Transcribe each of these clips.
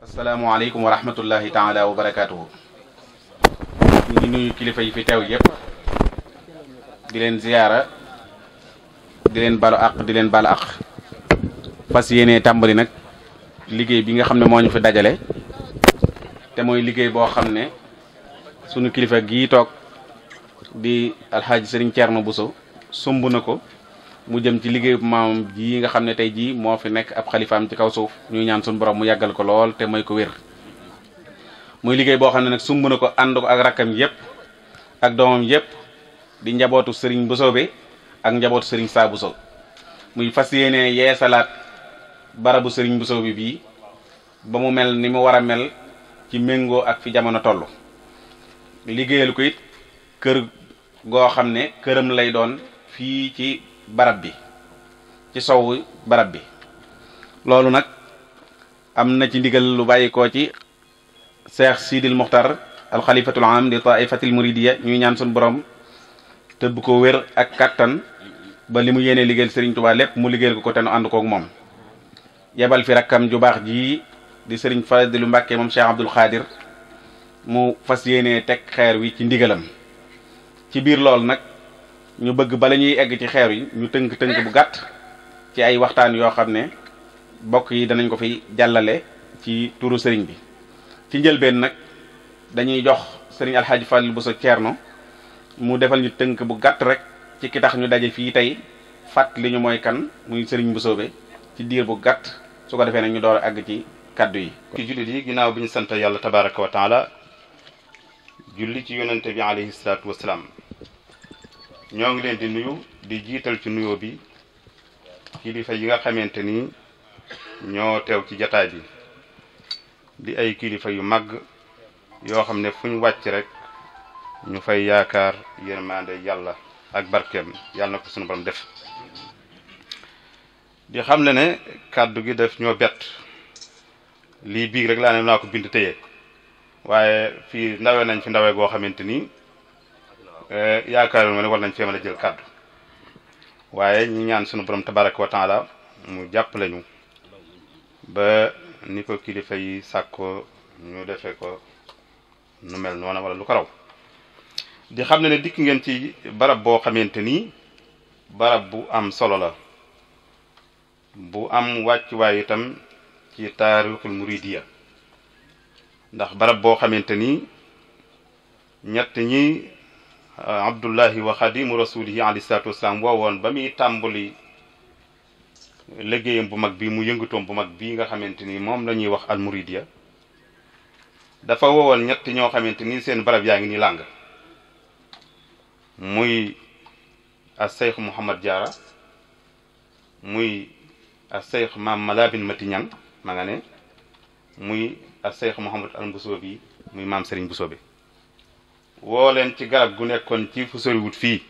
asalaamualeykum wa rahmatullahi taala wa barakaatuhu ngi nuyu kilifa yi fi teew yëpp di leen ziyaara di leen balu àq di leen balu àq fas yéenee tàmbali nag liggéey bi nga xam ne moo ñu fi dajale te mooy liggéey boo xam ne sunu kilifa gii toog di alxaaji na Thierno Bousso sumb na ko mu jëm ci liggéeyu maamam ji nga xam ne tey jii moo fi nekk ab xalifaam ci kaw suuf ñuy ñaan suñu borom mu yàggal ko lool te may ko wér muy liggéey boo xam ne nag sumb na ko ànd ko ak rakkam yépp ak doomam yépp di njabootu sëriñ Bosoobe ak njabootu sëriñ Saa Buso muy fas yéene yeesalaat barabu sëriñ bu bi bii ba mu mel ni mu war a mel ci méngoo ak fi jamono toll liggéeyal ko kër goo xam ne këram lay doon fii ci barab bi ci sowu barab bi loolu nag am na ci ndigal lu bàyyi koo ci Cheikh Sidil Muxtar alxalifatul am di taifatil muridiya ñuy ñaan suñu borom tëbb ko wér ak kàttan ba li mu yéene liggéeyal sëriñ Touba lépp mu liggéeyal ko ko te nu ànd koog moom yebal fi rakkam ju baax ji di sëriñ Serigne Fadilu Mbàkke moom Cheikh Abdul Xaadir mu fas yéene teg xeer wi ci ndigalam ci biir loolu nag ñu bëgg bala ñuy egg ci xeer yi ñu tënk tënk bu gàtt ci ay waxtaan yoo xam ne bokk yi danañ ko fi jàllale ci turu sëriñ bi ci njëlbeen nag dañuy jox sëriñ alxaaji Fall bu sa Ceerno mu defal ñu tënk bu gàtt rek ci ki tax ñu daje fii tey li ñu mooy kan muy sëriñ bu soobe ci diir bu gàtt su ko defee nag ñu door a àgg ci kàddu yi ci jullit yi ginnaaw bi ñu sant yàlla tabaraka wa taala julli ci yonente bi alayhi salaatu wasalaam ñoo ngi leen di nuyu di jiital ci nuyoo bi kilifa yi nga xamante ni ñoo teew ci jataay bi di ay kilifa yu màgg yoo xam ne fu ñu wàcc rek ñu fay yaakaar yërmande yàlla ak barkeem yàlla na ko sunu borom def di xam ne ne kàddu gi def ñoo bett lii biig rek laa ne naa ko bind téye waaye fii ndawe nañ fi ndawe goo xamante ni Eh, yaakaar ma ne war nañ fee mën a jël kàddu waaye ñi ñaan sunu borom tabaraka wa taala mu jàppale ñu ba ni ko kilifa yi sàkko ñu defee ko nu mel noonu wala lu ko raw di xam ne ne dikk ngeen ci barab boo xamante ni barab bu am solo la bu am wàccuwaay itam ci taarixul muridiya ndax barab boo xamante ni ñett ñi Euh, abdullahi wa xadimu rasulihi alayhi salaatu wasalaam woowoon ba muy tàmbali liggéeyam bu mag bi mu yëngatoom bu mag bi nga xamante ni moom la ñuy wax almuridiya dafa woowoon ñetti ñoo xamante ni seen barab yaa ngi ni làng muy a seykh Mouhamad muy a maam Malabine Mati ma nga ne muy a seykh Mouhamad al Mbusoobi muy maam Serigne Mbusoobi woo leen ci garab gu nekkoon ci fu wut fii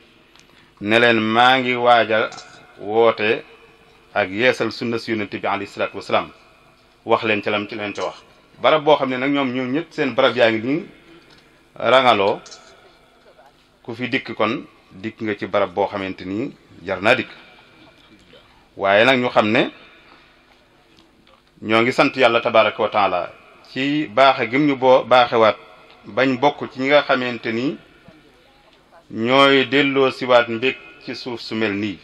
ne leen maa ngi waaja woote ak yeesal sunna si yonente bi alayhi salaatu wasalaam wax leen ca lam ci leen ca wax barab boo xam ne nag ñoom ñoom ñëpp seen barab yaa ngi nii rangaloo ku fi dikk kon dikk nga ci barab boo xamante ni jar naa dikk waaye nag ñu xam ne ñoo ngi sant yàlla tabaraka wa taala ci baaxe gim ñu boo baaxewaat bañ bokk ci ñi nga xamante ni ñooy delloo siwaat mbég ci suuf su mel nii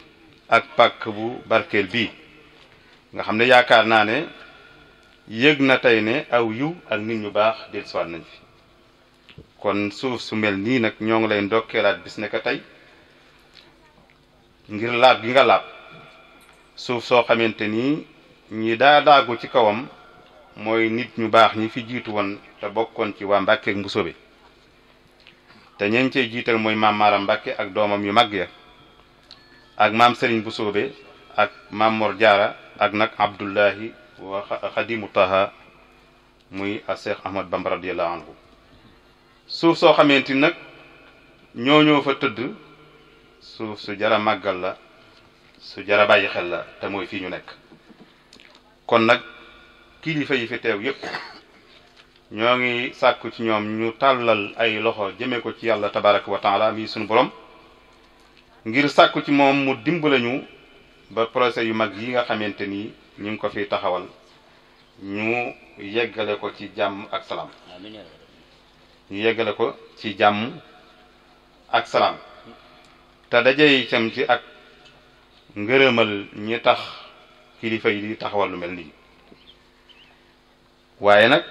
ak pàkk bu barkeel bii nga xam ne yaakaar naa ne yëg na tey ne aw yiw ak nit ñu baax del siwaat nañ fi kon suuf su mel nii nag ñoo ngi lay ndokkeelaat bis ne ko tey ngir laab gi nga laab suuf soo xamante ni ñi daa daagu ci kawam mooy nit ñu baax ñi fi jiitu woon te bokkoon ci waa Mbàkke ak Mbusoobe te ñeen cee jiital mooy maam Maaram Mbàkke ak doomam yu mag ya ak maam Sëriñ Mbusoobe ak maam Mor ak nag Abdullahi wa Xadimu Taha muy a Seex Ahmad Bamba radiyallahu anhu suuf soo xamante nag ñoo ñoo fa tëdd suuf su jara màggal la su jara bàyyi xel la te mooy fii ñu nekk kon nag kilifa yi fi teew yépp ñoo ngi sàkku ci ñoom ñu tàllal ay loxo jëmee ko ci yàlla tabaraka wa taala mi suñu borom ngir sàkku ci moom mu dimbale ñu ba projet yu mag yi nga xamante ni ñu ngi ko fi taxawal ñu yeggale ko ci jàmm ak salaam ñu yeggale ko ci jàmm ak te daje itam ci ak ngërëmal ñi tax kilifa yi di taxawal lu mel nii waaye nag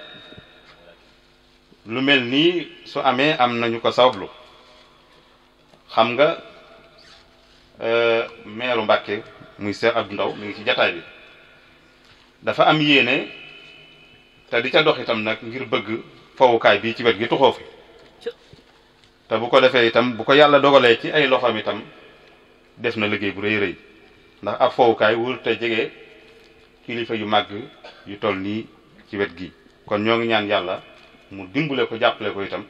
lu mel nii su amee am nañu ko sabablu xam nga e, meeru Mbàkke muy Seex Abdu Ndaw mi ngi ci jataay bi dafa am yéene te di ca dox itam nag ngir bëgg fowukaay bi ci wet gi tuxoo fi te bu ko defee itam bu ko yàlla dogalee ci ay loxoom itam def na liggéey bu rëy rëy ndax ab fowukaay wul te jege kilifa yu màgg yu toll nii ci wet gi kon ñoo ngi ñaan yàlla mu dimbale ko jàppale ko itam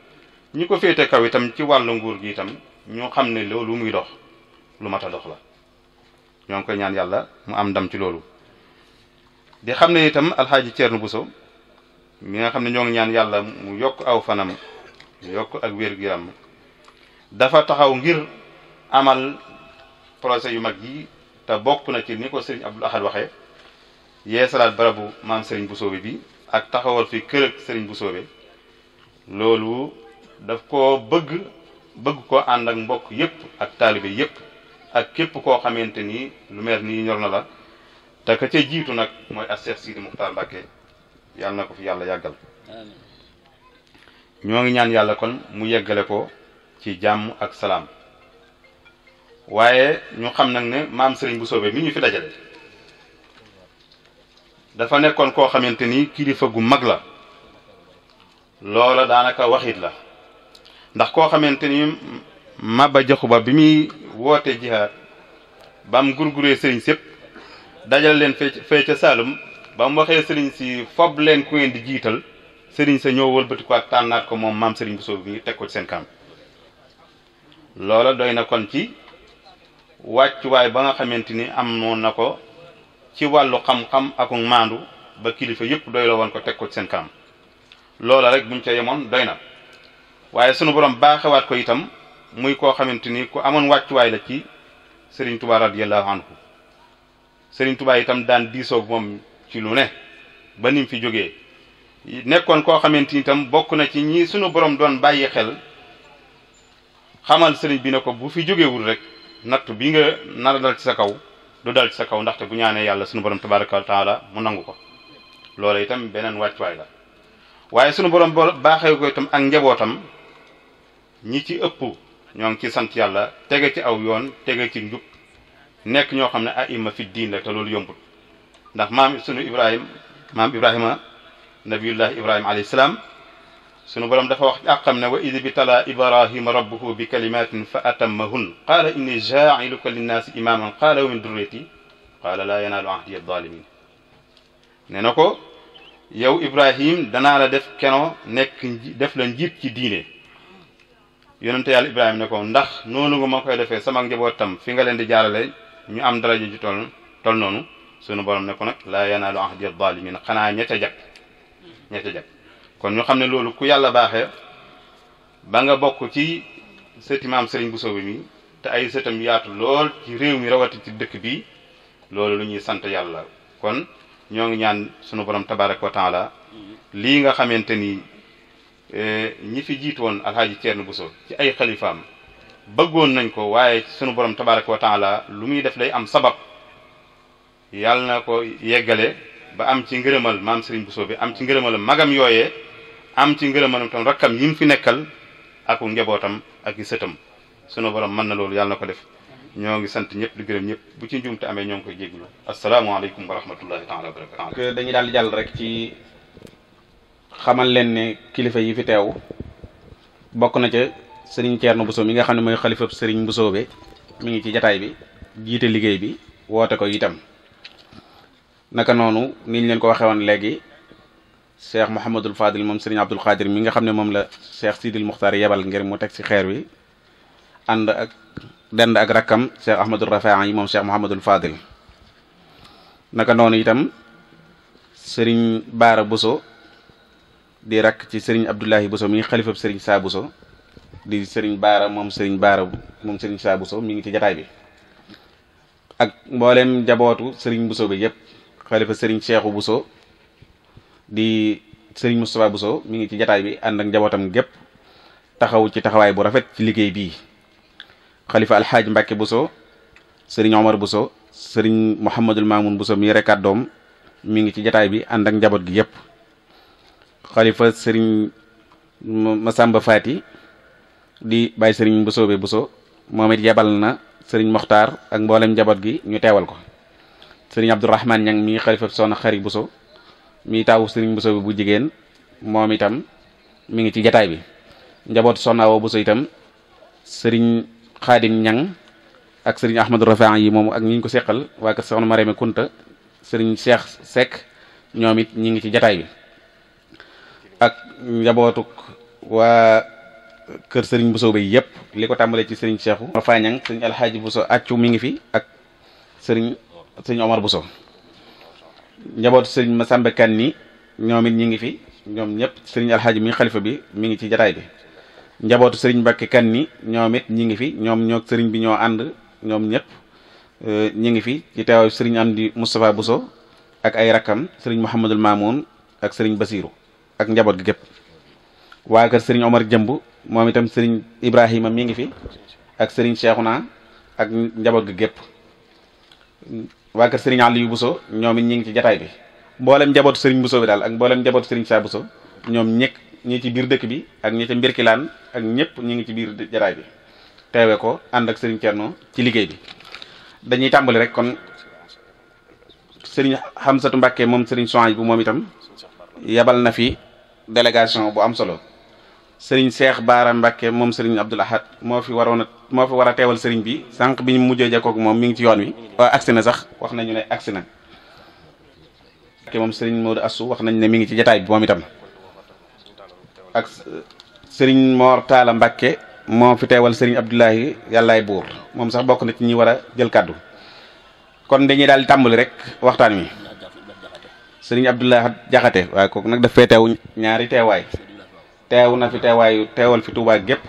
ñi ko féete kaw itam ci wàllu nguur gi itam ñoo xam ne loolu muy dox lu mat a dox la ñoo ngi koy ñaan yàlla mu am ndam ci loolu di xam ne itam alxaaji Ceerno Buso mi nga xam ne ñoo ngi ñaan yàlla mu yokk aw fanam yokk ak wér-gu-yaram dafa taxaw ngir amal projet yu mag yi te bokk na ci ni ko ab Abdul Ahad waxee yeesalaat barabu maam Serigne Boussobe bi ak taxawal fi kër ak Serigne Boussobe loolu daf ko bëgg bëgg ko ànd ak mbokk yépp ak taalibe yépp ak képp koo xamante ni lu mel nii ñor na la te ka jiitu nag mooy as Seex Sidi Muxtaar Mbàkke yàlla na ko fi yàlla yàggal ñoo ngi ñaan yàlla kon mu yeggale ko ci jàmm ak salaam waaye ñu xam nag ne maam bu soobee mi ñu fi dajale dafa nekkoon koo xamante ni kilifa gu mag la loola daanaka waxit la ndax koo xamante ni Maba Jaxu Ba bi muy woote jihaad ba mu gurguree sëriñ sépp dajal leen fee fee ca Saalum ba mu waxee sëriñ si fob leen ku ngeen di jiital sëriñ sa ñëw wëlbati ko ak tànnaat ko moom maam sëriñ Bousso bi teg ko ci seen kanam loola doy na kon ci wàccuwaay ba nga xamante ni am amoon na ko ci wàllu xam-xam ak maandu ba kilifa yëpp doy la woon ko teg ko seen kanam loola rek buñ ca yemoon doy na waaye sunu borom baaxewaat ko itam muy koo xamante ni ku amoon wàccuwaay la ci sëriñ Touba radiyallahu anhu sëriñ Touba itam daan diisoog moom ci lu ne ba nim fi jógee nekkoon koo xamante ni itam bokk na ci ñi sunu borom doon bàyyi xel xamal sëriñ bi ne ko bu fi jógewul rek natt bi nga nar dal ci sa kaw. lu dal ci sa kaw ndaxte bu ñaanee yàlla sunu borom tabaraka wa taala mu nangu ko loola itam beneen wàccuwaay la waaye sunu borom baaxee ko itam ak njabootam ñi ci ëpp ñoo ngi ci sant yàlla tege ci aw yoon tege ci njub nekk ñoo xam ne aima fi diin la te loolu yombul ndax maam sunu Ibrahim maam Ibrahima nabiyullah Ibrahima alayhi salaam sunu borom dafa wax àqam ne wa id bitala ibrahima rabbuhu bi kalimatin fa atammahun qaala inni jaa'iluka linnaasi imaaman qaala wa min durriyati qaala laa yanaalu ahdi addaalimin ne na ko yow ibrahim danaa def keno nekk def la njiit ci diine yonente yàlla ibrahima ne ko ndax noonu nga ma koy defee sama njabootam fi nga leen di jaarale ñu am daraja ju tol noonu sunu borom ne ko nag laa yanaalu ahdi addaalimin xanaa ña ca kon ñu xam ne loolu ku yàlla baaxee ba nga bokk ci sëti maam Serigne Bousso bi mi te ay sëtam yaatu lool ci réew mi rawati ci dëkk bi loolu lu ñuy sant yàlla kon ñoo ngi ñaan sunu borom tabarak wa la lii nga xamante ni e, ñi fi jiitu woon alxaaji Thierno Bousso ci ay xalifaam bëggoon nañ ko waaye sunu borom tabarak wa taala lu muy def day am sabab yàlla na ko yeggale ba am ci ngërëmal maam Serigne buso bi am ci ngërëmal magam yooye am ci ngërëmanam tam rakkam yi mu fi nekkal ak njabootam ak i sëtam sunu borom mën na loolu yàlla na ko def ñoo ngi sant ñëpp di gërëm ñëpp bu ci njuumte amee ñoo ngi koy jéglu asalaamaaleykum wa rahmatullahi taala wa dañu dañuy daal jàll rek ci xamal leen ne kilifa yi fi teew bokk na ca sëriñ bu Bousso yi nga xam ne mooy xalifa sëriñ Bousso bi mi ngi ci jataay bi jiite liggéey bi woote ko tam naka noonu niñ leen ko waxee woon léegi cheikh Mouhamadul Fadil moom sëriñ Abdul Xaadir mi nga xam ne moom la seex Sidil Muxtaar yebal ngir mu teg ci xeer wi ànd ak dend ak rakkam cheikh Ahmadul Rafaa yi moom cheikh Mouhamadul Fadil naka noonu itam sëriñ Baara Bousso di rakk ci sëriñ Abdoulahi Bousso mi ngi xalifab sëriñ Saa Bousso di sëriñ Baara moom sëriñ Baara moom sëriñ Saa Bousso mi ngi ci jataay bi ak mboolem jabootu sëriñ Bousso bi yëpp xalifa sëriñ Cheikhu Bousso. di sëriñ Moustapha Bousso mi ngi ci jataay bi ànd ak njabootam gépp taxaw ci taxawaay bu rafet ci liggéey bii xalifa alxaaj bu so sëriñ Omar so sëriñ Mouhamadul bu so mi yore doom mi ngi ci jataay bi ànd ak njaboot gi yépp xalifa sëriñ Masamba Faati di bàyyi sëriñ Bousso be Bousso moom it yebal na sëriñ Moxtaar ak mboolem njaboot gi ñu teewal ko sëriñ Abdourahman Ñang mi ngi xalifa soxna Xari so mi taawu sëriñ Bousso bi bu jigéen moom itam mu ngi ci jataay bi njabootu soxna Awa Bousso itam sëriñ Xaadim Ñang ak sëriñ Ahmadou Rafaan yi moom ak ñi ñu ko seqal waa kër soxna Marème Kunta sëriñ Cheikh ñoom it ñi ngi ci jataay bi ak njabootuk waa kër sëriñ Bousso bi yépp li ko tàmbalee ci sëriñ Cheikhu Rafaan Ñang sëriñ Alxaaji Bousso accu mi ngi fi ak sëriñ sëriñ Omar so njaboot sëriñ Masamba Kan ni ñoom it ñi ngi fi ñoom ñëpp sëriñ alxaaji mi xalifa bi mi ngi ci jataay bi njabootu sëriñ Mbàkke Kan ni ñoomit it ngi fi ñoom ñook sëriñ bi ñoo ànd ñoom ñëpp euh, ñi ngi fi ci teewaayu sëriñ Amdi Moustapha Bousso ak ay rakkam sëriñ Mouhamadul Mamoun ak sëriñ Basiru ak njaboot gi gépp waa kër sëriñ Omar Jëmb moom itam sëriñ Ibrahima mi ngi fi ak sëriñ Cheikhouna ak njaboot gi gépp waa kër sëriñ Aliou Bousso ñoom it ñi ngi ci jataay bi mboolem njabootu sëriñ Bousso bi daal ak mboolem njabootu sëriñ Saa Bousso ñoom ñëkk ñi ci biir dëkk bi ak ñi mbirkilaan ak ñëpp ñu ngi ci biir jataay bi teewe ko ànd ak sëriñ Thierno ci liggéey bi dañuy tàmbali rek kon sëriñ Hamsatu Mbàkke moom sëriñ Sohaybu bu moom itam yabal na fi délégation bu am solo sëriñ Cheikh Baara Mbacke moom sëriñ Abdoul Ahad moo fi waroon a moo fi war a teewal sëriñ bi sànq bi ñu mujjee jokkoog moom mi ngi ci yoon wi. waa agsi na sax wax nañu ne agsi na. moom sëriñ Modou Assou wax nañ ne mi ngi ci jataay bi moom itam ak sëriñ moo fi teewal sëriñ Abdoulahi yàllaay buur moom sax bokk na ci ñi war a jël kàddu kon dañuy daal di tàmbali rek waxtaan wi sëriñ Abdoulahi Jaxate waaye kooku nag daf fee teew ñaari teewaay. teew na fi teewaayu teewal fi Touba gépp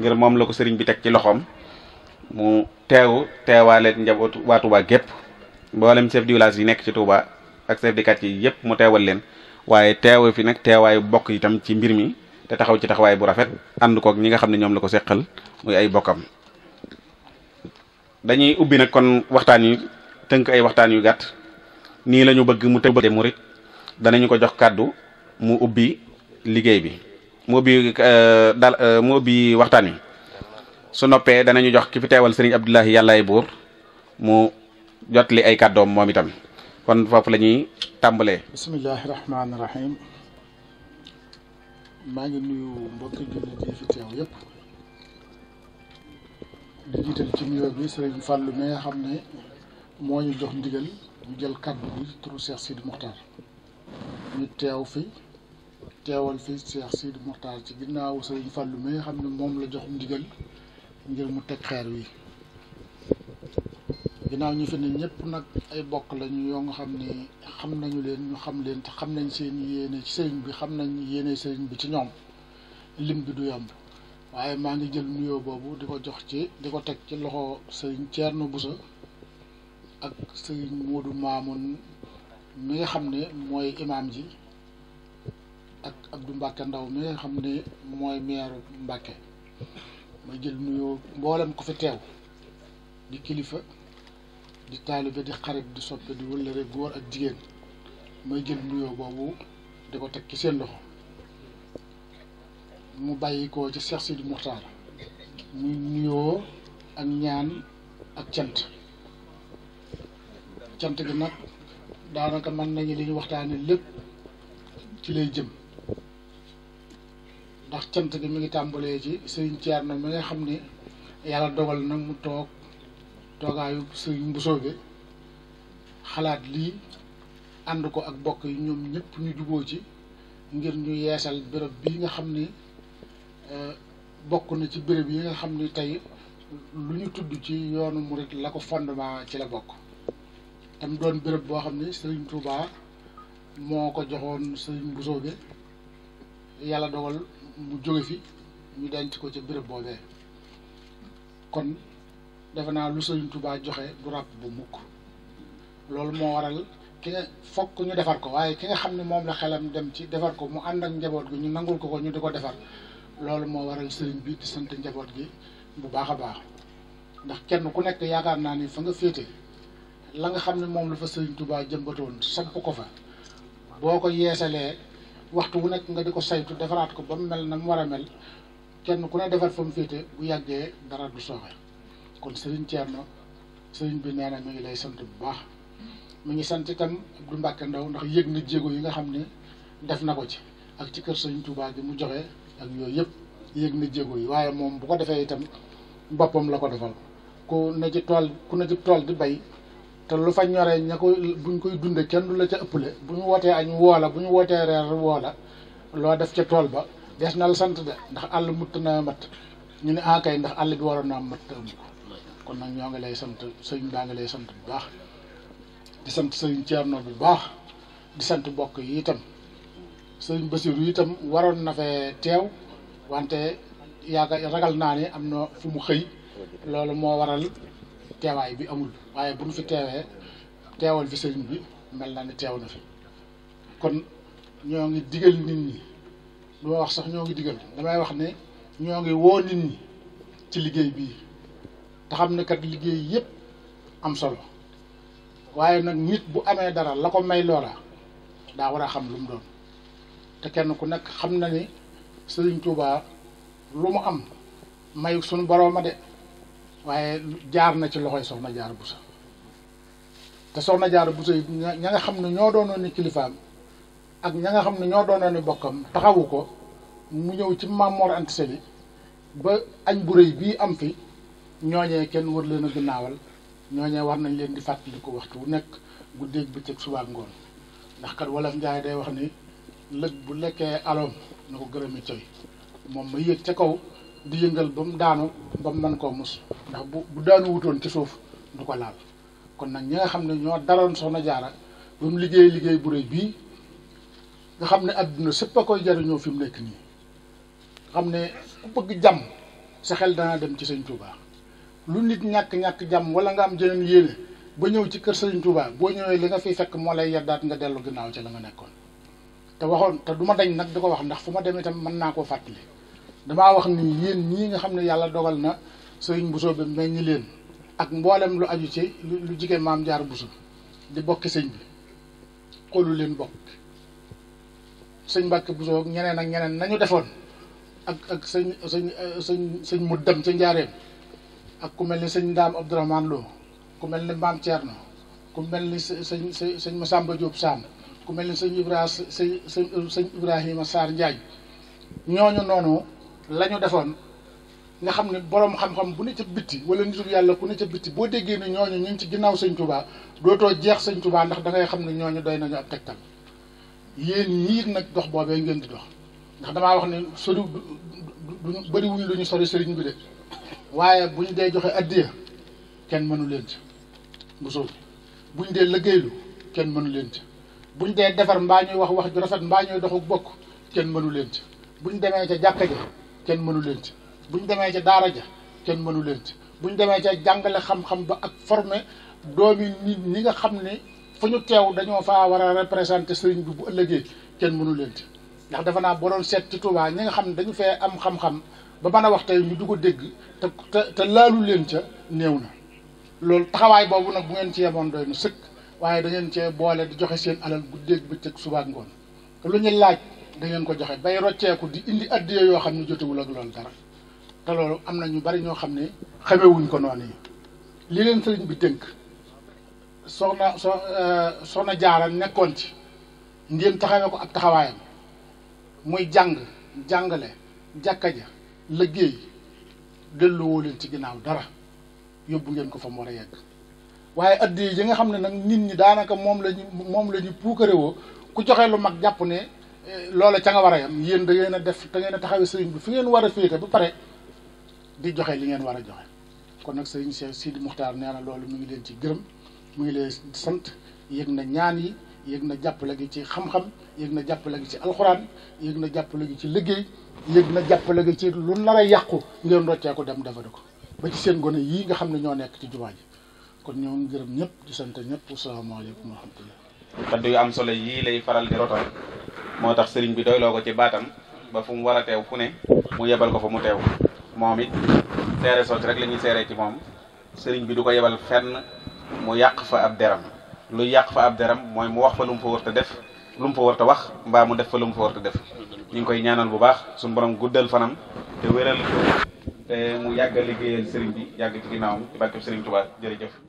ngir moom la ko sëriñ bi teg ci loxoom mu teew teewaale njabootu waa Touba gépp mboolem chef de village yi nekk ci Touba ak chef de quartier yi yëpp mu teewal leen waaye teew fi nag teewaayu bokk itam ci mbir mi te taxaw ci taxawaay bu rafet ànd kook ñi nga xam ne ñoom la ko seqal muy ay bokkam dañuy ubbi nag kon waxtaan yi tënk ay waxtaan yu gàtt nii lañu bëgg mu te tëbal murit danañu ko jox kàddu mu ubbi liggéey bi moo bi euh, dal euh, moo bi waxtaan wi su noppee danañu jox ki fi teewal sëriñ Abdullahi ay buur mu jotli ay kàddoom moom itam kon foofu la ñuy tàmbalee. bismillahi rahmaani rahim maa ngi nuyu mbokki jullit yi fi teew mi nga xam ne moo ñu jox jël kàddu bi turu teew fi. teewal fi Cheikh Sidi Mokhtar ci ginnaawu Serigne Fallou mi nga xam ne moom la jox ndigal ngir mu teg xeer wi ginnaaw ñu fi ne ñëpp nag ay bokk lañu yoo nga xam ni xam nañu leen ñu xam leen te xam nañ seen yéene ci sëriñ bi xam nañ yéene sëriñ bi ci ñoom lim bi du yomb waaye maa ngi jël nuyoo boobu di ko jox ci di ko teg ci loxo sëriñ Thierno Bousso ak sëriñ Modou Mamoun mi nga xam ne mooy imaam ji ak Abdou Mbacke Ndaw mi xam ni mooy meeru Mbacke ma jël nuyoo mboolem ku fi teew di kilifa di taalibe di xarit di soppe di wëllëre góor ak jigéen may jël nuyoo boobu di ko teg ci seen loxo mu bàyyi ko ci Cheikh Sidi Muxtaar muy nuyoo ak ñaan ak cant cant gi nag daanaka mën nañu li ñu waxtaanee lépp ci lay jëm ndax cant gi mi ngi tàmbalee ci sëriñ Thierno mi nga xam ni yàlla dogal nag mu toog toogaayu sëriñ Mbusoo bi xalaat lii ànd ko ak bokk yi ñoom ñëpp ñu juboo ci ngir ñu yeesal bërëb bi nga xam ni euh, bokk na ci bërëb yi nga xam ni tey lu ñu tudd ci yoonu murit la ko fondement ci la bokk tam doon béréb boo xam ni sëriñ Touba moo ko joxoon sëriñ Mbusoo bi yàlla dogal mu jóge fi ñu denc ko ci béréb boobee kon defe naa lu Sëriñ tubaa joxe du ràpp bu mukk loolu moo waral ki nga fokk ñu defar ko waaye ki nga xam ne moom la xelam dem ci defar ko mu ànd ak njaboot gi ñu nangul ko ko ñu di ko defar loolu moo waral sëriñ bi ci sant njaboot gi bu baax a baax ndax kenn ku nekk yaakaar naa ni fa nga féete la nga xam ne moom la fa Sëriñ Tuubaa jëmbatoon samp ko fa boo ko yeesalee waxtu wu nekk nga di ko saytu defaraat ko ba mu mel na mu war a mel kenn ku ne defar fa mu féete bu yàggee dara du sooxe kon sëriñ Thierno sëriñ bi nee mu ngi lay sant bu baax mu ngi sant itam Abdou Mbacke Ndaw ndax yëg na jéego yi nga xam ne def na ko ci ak ci kër sëriñ Touba gi mu joxe ak yooyu yëpp yëg na jéego yi waaye moom bu ko defee itam boppam la ko defal ku ne ci ku ne ci tool di bay te lu fa ñoree ña koy buñ koy dundee kenn du la ca ëpple bu ñu wootee añ woola bu ñu wootee reer woola loo def ca tool ba des na la sant de ndax àll mutt na mat ñu ne ah kay ndax àll bi waroon naa mat ëmb ko kon nag ñoo ngi lay sant sëriñ baa ngi lay sant bu baax di sant sëriñ Thierno bu baax di sant mbokk yi itam sëriñ Basiru itam waroon na fee teew wante yaaga ragal naa ni am na fu mu xëy loolu moo waral teewaay bi amul waaye bu mu fi teewee teewal fi sëriñ bi mel na ne teew na fi kon ñoo ngi digal nit ñi lu ma wax sax ñoo ngi digal damay wax ne ñoo ngi woo nit ñi ci liggéey bii te xam ne kat liggéey yépp am solo waaye nag nit bu amee dara la ko may loola daa war a xam lum doon te kenn ku nag xam na ni sëriñ Touba lu mu am may suñu borooma de waaye jaar na ci loxoy soxna jaar busa te soxna jaar busa it ña nga xam ne ñoo doonoon ni kilifaam ak ña nga xam ne ñoo doonoon ni bokkam taxawu ko mu ñëw ci Mamor Anta ba añ bu rëy bii am fi ñooñee kenn wër leen a gannaawal ñooñee war nañ leen di fàttali ko waxtu wu nekk guddeeg bëccëg suba ak ngoon ndax kat wolof njaay day wax ni lëg bu lekkee aloom na ko gërëme coy moom ma yéeg ca kaw di yëngal ba mu daanu ba mu mën koo mus ndax bu bu daanu wutoon ci suuf du ko laal kon nag ñi nga xam ne ñoo daroon soxna jaara ba mu liggéey liggéey bu réy bii nga xam ne àdduna sëpp a koy jariñoo fi mu nekk nii xam ne ku bëgg jàmm sa xel dana dem ci sëñ Touba lu nit ñàkk ñàkk jàmm wala nga am jeneen yéene ba ñëw ci kër sëñ Touba boo ñëwee li nga fiy fekk moo lay yeddaat nga dellu ginnaaw ci la nga nekkoon te waxoon te du ma dañ nag di ko wax ndax fu ma dem itam mën naa koo fàttali. damaa wax ni yéen ñii nga xam ne yàlla dogal na sëriñ Bousso bi ñi leen ak mboolem lu aju ci lu jigéen maam jaar busu di bokki sëñ bi xoolu leen bokk sëñ Mbàkke Bousso ak ñeneen ak ñeneen nañu defoon ak ak sëñ sëñ sëñ sëñ mu dem sa njaareem ak ku mel ni sëñ Ndaam Abdourahmane Lo ku mel ni Maam Thierno ku mel ni sëñ sëñ Massamba Diop Sam ku mel ni sëñ Ibrahima sëñ sëñ Ibrahima Sarr Ndiaye noonu lañu defoon nga xam ne boroom xam-xam bu ne ca bitti wala nitu yàlla ku ne ca bitti boo déggee ni ñooñu ñu ngi ci ginnaaw sëñ Touba dootoo jeex sëñ Touba ndax da ngay xam ne ñooñu doy nañu ab tegtal yéen ñii nag dox boobee ngeen di dox ndax damaa wax ne sori du bëriwuñ lu ñu sori sëriñ bi de waaye bu ñu joxee joxe addiya kenn mënu leen ci mosoo bu ñu dee liggéeylu kenn mënu leen ci buñ dee defar mbaa ñuy wax wax ju rafet mbaa ñuy doxu bokk kenn mënu leen ci bu ñu demee ca kenn mënu leen ci bu ñu demee ca daara ja kenn mënu leen ci bu ñu demee ca jàngale xam-xam ba ak former doomi nit ñi nga xam ne fu ñu teew dañoo fa war a représenter sëriñ bi bu ëllëgee kenn mënu leen ci ndax dafa naa boo doon seet ci Tuubaa ñi nga xam ne dañu fee am xam-xam ba mën a wax ñu du ko dégg te te te laalu leen ca néew na loolu taxawaay boobu nag bu ngeen ci yemoon doy na sëkk waaye da cee boole di joxe seen alal guddeeg bëccëg suba ak ngoon lu dangeen ko joxe bay rocceeku di indi addiya yoo xam ne jotewul ak loolu dara te loolu am na ñu bari ñoo xam ne xamewuñ ko noonu yi li leen sëriñ bi dënk soxna so eh, soxna jaaral nekkoon ci ngeen taxawee ko ak taxawaayam muy jàng jàngale jàkka ja liggéey delloo leen ci ginnaaw dara yóbbu ngeen ko fa mu war a yegg waaye addiya yi nga xam ne nag nit ñi daanaka moom la ñu moom la puukarewoo ku joxe lu mag jàpp ne loola ca nga war a yam yéen da ngeen a def da ngeen a taxawee sëriñ bi fi ngeen war a féete ba pare di joxe li ngeen war a joxe kon nag sëriñ Cheikh Sidi Moukhtar nee na loolu mu ngi leen ci gërëm mu ngi leen sant yëg na ñaan yi yëg na jàppale gi ci xam-xam yëg na jàppale gi ci alxuraan yëg na jàppale gi ci liggéey yëg na jàppale gi ci lu nar a yàqu ngeen roccee ko dem defar ko ba ci seen gone yii nga xam ne ñoo nekk ci jumaa ji kon ñoo gërëm ñëpp di sant ñëpp asalaamaaleykum wa rahmatullah kaddu yu am solo yii lay faral di rotal moo tax sëriñ bi doyloo ko ci baatam ba fu mu war a teew fu ne mu yebal ko fa mu teew moom it seere sotti rek lañuy seeree ci moom sëriñ bi du ko yebal fenn mu yàq fa ab deram lu yàq fa ab deram mooy mu wax fa lu mu fa war a def lu mu fa war a wax mbaa mu def fa lu mu fa war def ñu ngi koy ñaanal bu baax suñu borom guddal fanam te wéral te mu yàgg a liggéeyal sëriñ bi yàgg ci ginnaawam ci barkeb sëriñ Tuubaa jërëjëf